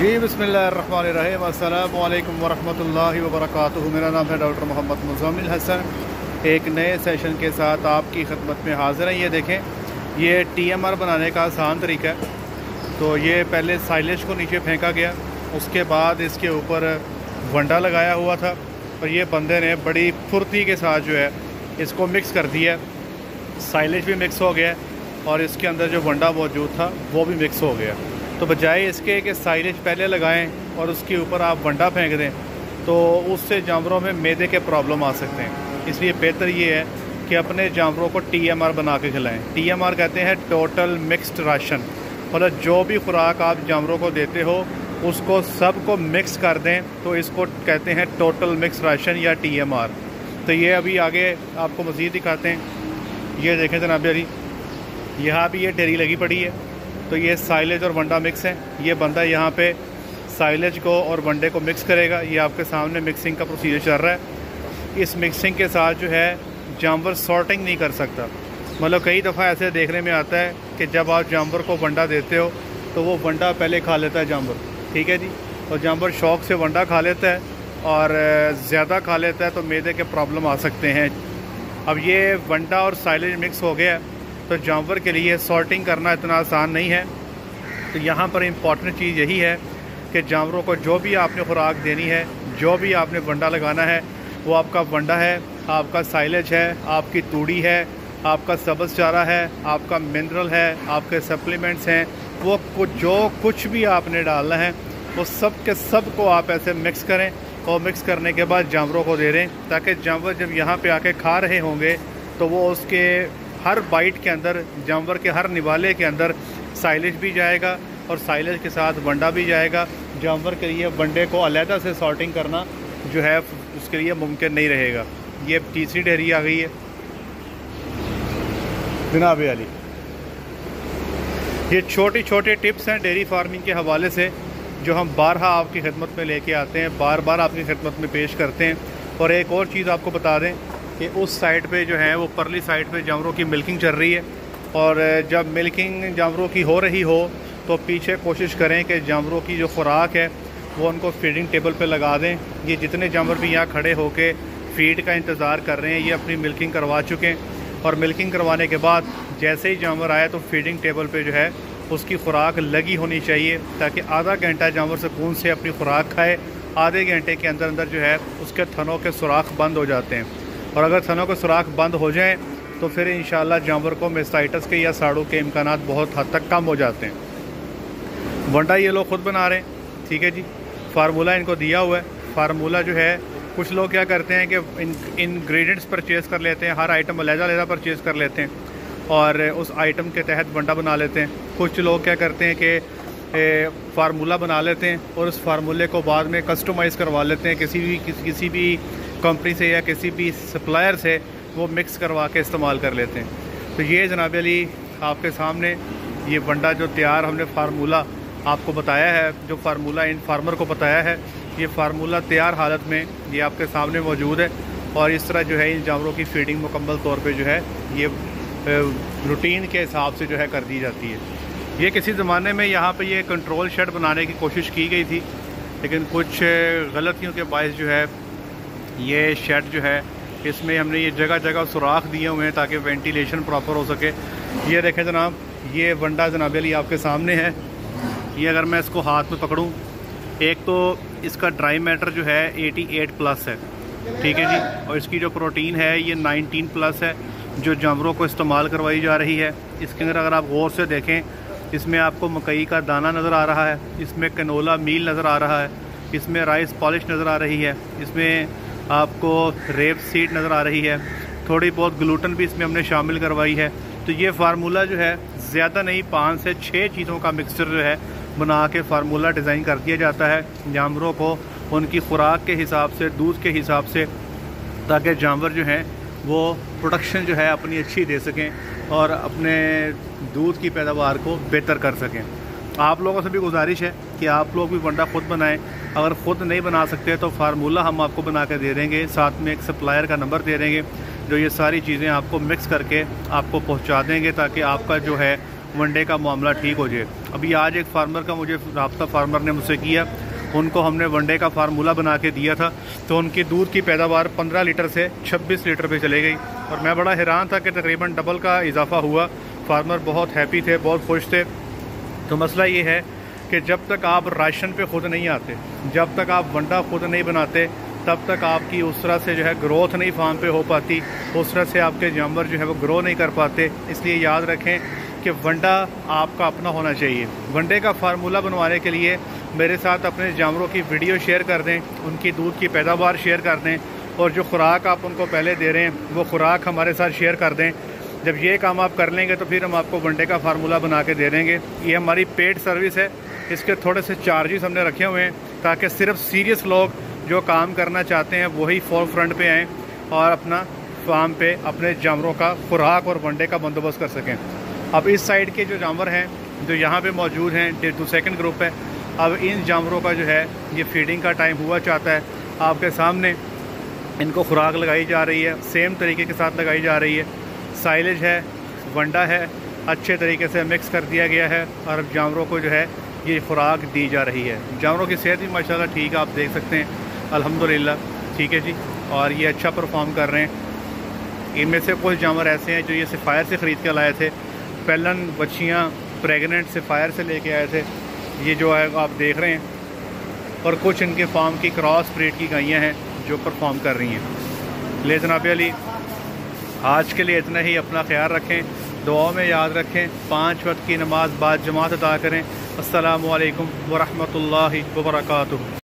जी बसमीम अल्लाम वरहमल वर्क मेरा नाम है डॉक्टर मोहम्मद मुजामिल हसन एक नए सेशन के साथ आपकी खदमत में हाज़िर हैं ये देखें ये टी एम आर बनाने का आसान तरीका है तो ये पहले साइलेज को नीचे फेंका गया उसके बाद इसके ऊपर वंडा लगाया हुआ था और ये बंदे ने बड़ी फुर्ती के साथ जो है इसको मिक्स कर दिया साइलेज भी मिक्स हो गया और इसके अंदर जो वंडा मौजूद था वो भी मिक्स हो गया तो बजाय इसके कि साइलेज पहले लगाएं और उसके ऊपर आप वंडा फेंक दें तो उससे जानवरों में मैदे के प्रॉब्लम आ सकते हैं इसलिए बेहतर ये है कि अपने जानवरों को आर बना के एम आर कहते हैं टोटल मिक्सड राशन मतलब जो भी खुराक आप जानवरों को देते हो उसको सब को मिक्स कर दें तो इसको कहते हैं टोटल मिक्स राशन या टीएमआर तो ये अभी आगे आपको मज़ीद दिखाते हैं ये देखें जनाब अली यहाँ भी ये ढेरी लगी पड़ी है तो ये साइलेज और वंडा मिक्स है ये बंदा यहाँ पे साइलेज को और वंडे को मिक्स करेगा ये आपके सामने मिक्सिंग का प्रोसीजर चल रहा है इस मिक्सिंग के साथ जो है जानवर सॉर्टिंग नहीं कर सकता मतलब कई दफ़ा ऐसे देखने में आता है कि जब आप जानवर को वंडा देते हो तो वो वंडा पहले खा लेता है जानवर ठीक है जी और जानवर शौक से वंडा खा लेता है और ज़्यादा खा लेता है तो मैदे के प्रॉब्लम आ सकते हैं अब ये वंडा और साइलेज मिक्स हो गया है तो जानवर के लिए सॉर्टिंग करना इतना आसान नहीं है तो यहाँ पर इम्पॉर्टेंट चीज़ यही है कि जानवरों को जो भी आपने खुराक देनी है जो भी आपने वंडा लगाना है वो आपका वंडा है आपका साइलेज है आपकी तूड़ी है आपका सब्ज चारा है आपका मिनरल है आपके सप्लीमेंट्स हैं वो कुछ जो कुछ भी आपने डालना है वो सब के सब को आप ऐसे मिक्स करें और मिक्स करने के बाद जानवरों को दे दें ताकि जानवर जब यहाँ पे आके खा रहे होंगे तो वो उसके हर बाइट के अंदर जानवर के हर निवाले के अंदर साइलेज भी जाएगा और साइलेज के साथ वंडा भी जाएगा जानवर के लिए बंडे को अलहदा से सॉर्टिंग करना जो है उसके लिए मुमकिन नहीं रहेगा ये तीसरी डेहरी आ गई है जनाब अली ये छोटे छोटे टिप्स हैं डेयरी फार्मिंग के हवाले से जो हम बारहा आपकी खिदमत में लेके आते हैं बार बार आपकी खिदमत में पेश करते हैं और एक और चीज़ आपको बता दें कि उस साइड पे जो है वो परली साइड पे जानवरों की मिल्किंग चल रही है और जब मिल्किंग जानवरों की हो रही हो तो पीछे कोशिश करें कि जानवरों की जो खुराक है वो उनको फीडिंग टेबल पे लगा दें ये जितने जानवर भी यहाँ खड़े होके फीड का इंतज़ार कर रहे हैं ये अपनी मिल्किंग करवा चुके हैं और मिल्किंग करवाने के बाद जैसे ही जानवर आए तो फीडिंग टेबल पर जो है उसकी खुराक लगी होनी चाहिए ताकि आधा घंटा जानवर सुकून से अपनी खुराक खाए आधे घंटे के अंदर अंदर जो है उसके थनों के सुराख बंद हो जाते हैं और अगर सनों के सुराख बंद हो जाएँ तो फिर इन जानवर को मेस्टाइटस के या साड़ों के इम्कान बहुत हद तक कम हो जाते हैं वंडा ये लोग ख़ुद बना रहे हैं ठीक है जी फार्मूला इनको दिया हुआ है फार्मूला जो है कुछ लोग क्या करते हैं कि इन इन्ग्रीडियंट्स परचेज़ कर लेते हैं हर आइटम लहजा लहजा परचेज़ कर लेते हैं और उस आइटम के तहत वंडा बना लेते हैं कुछ लोग क्या करते हैं कि फार्मूला बना लेते हैं और उस फार्मूले को बाद में कस्टमाइज़ करवा लेते हैं किसी भी किस, किसी भी कंपनी से या किसी भी सप्लायर से वो मिक्स करवा के इस्तेमाल कर लेते हैं तो ये जनाब अली आपके सामने ये वंडा जो तैयार हमने फार्मूला आपको बताया है जो फार्मूला इन फार्मर को बताया है ये फार्मूला तैयार हालत में ये आपके सामने मौजूद है और इस तरह जो है इन जानवरों की फीडिंग मुकम्मल तौर पे जो है ये रूटीन के हिसाब से जो है कर दी जाती है ये किसी ज़माने में यहाँ पे ये कंट्रोल शेड बनाने की कोशिश की गई थी लेकिन कुछ गलतियों के बायस जो है ये शेड जो है इसमें हमने ये जगह जगह सुराख दिए हुए हैं ताकि वेंटिलेशन प्रॉपर हो सके ये देखें जनाब ये वंडा जनाब अली आपके सामने है ये अगर मैं इसको हाथ में पकड़ूँ एक तो इसका ड्राई मैटर जो है 88 प्लस है ठीक है जी और इसकी जो प्रोटीन है ये 19 प्लस है जो जानवरों को इस्तेमाल करवाई जा रही है इसके अंदर अगर आप गौर से देखें इसमें आपको मकई का दाना नज़र आ रहा है इसमें कनोला मील नज़र आ रहा है इसमें राइस पॉलिश नज़र आ रही है इसमें आपको रेप सीड नज़र आ रही है थोड़ी बहुत ग्लूटन भी इसमें हमने शामिल करवाई है तो ये फार्मूला जो है ज़्यादा नहीं पाँच से छः चीज़ों का मिक्सचर जो है बना के फार्मूला डिज़ाइन कर दिया जाता है जानवरों को उनकी खुराक के हिसाब से दूध के हिसाब से ताकि जानवर जो हैं वो प्रोडक्शन जो है अपनी अच्छी दे सकें और अपने दूध की पैदावार को बेहतर कर सकें आप लोगों से भी गुजारिश है कि आप लोग भी वंडा खुद बनाएं अगर खुद नहीं बना सकते तो फार्मूला हम आपको बना के दे देंगे साथ में एक सप्लायर का नंबर दे देंगे जो ये सारी चीज़ें आपको मिक्स करके आपको पहुँचा देंगे ताकि आपका जो है वनडे का मामला ठीक हो जाए अभी आज एक फार्मर का मुझे रबता फार्मर ने मुझसे किया उनको हमने वनडे का फार्मूला बना के दिया था तो उनकी दूध की पैदावार 15 लीटर से 26 लीटर पे चले गई और मैं बड़ा हैरान था कि तकरीबन डबल का इजाफा हुआ फार्मर बहुत हैप्पी थे बहुत खुश थे तो मसला ये है कि जब तक आप राशन पे खुद नहीं आते जब तक आप वंडा खुद नहीं बनाते तब तक आपकी उस तरह से जो है ग्रोथ नहीं फार्म पे हो पाती उस तरह से आपके जानवर जो है वो ग्रो नहीं कर पाते इसलिए याद रखें कि वंडा आपका अपना होना चाहिए वंडे का फार्मूला बनवाने के लिए मेरे साथ अपने जानवरों की वीडियो शेयर कर दें उनकी दूध की पैदावार शेयर कर दें और जो खुराक आप उनको पहले दे रहे हैं वो खुराक हमारे साथ शेयर कर दें जब ये काम आप कर लेंगे तो फिर हम आपको वनडे का फार्मूला बना के दे देंगे ये हमारी पेड सर्विस है इसके थोड़े से चार्जेस हमने रखे हुए हैं ताकि सिर्फ सीरियस लोग जो काम करना चाहते हैं वही फोर फ्रंट पर आएँ और अपना फार्म पे अपने जानवरों का खुराक और वनडे का बंदोबस्त कर सकें अब इस साइड के जो जानवर हैं जो यहाँ पे मौजूद हैं डे टू सेकेंड ग्रुप है अब इन जानवरों का जो है ये फीडिंग का टाइम हुआ चाहता है आपके सामने इनको खुराक लगाई जा रही है सेम तरीके के साथ लगाई जा रही है साइलेज है वंडा है अच्छे तरीके से मिक्स कर दिया गया है और अब जानवरों को जो है ये खुराक दी जा रही है जानवरों की सेहत भी माशाल्लाह ठीक है आप देख सकते हैं अल्हम्दुलिल्लाह ठीक है जी और ये अच्छा परफॉर्म कर रहे हैं इनमें से कुछ जानवर ऐसे हैं जो ये सिफायर से ख़रीद कर लाए थे पेलन बच्चियाँ प्रेगनेंट सिफायर से लेके आए थे ये जो है आप देख रहे हैं और कुछ इनके फार्म की क्रॉस ब्रीड की गाइयाँ हैं जो परफॉर्म कर रही हैं ले जनाब अली आज के लिए इतना ही अपना ख्याल रखें दुआ में याद रखें पाँच वक्त की नमाज बाद जमात अदा करें असलकम वरहमल वर्का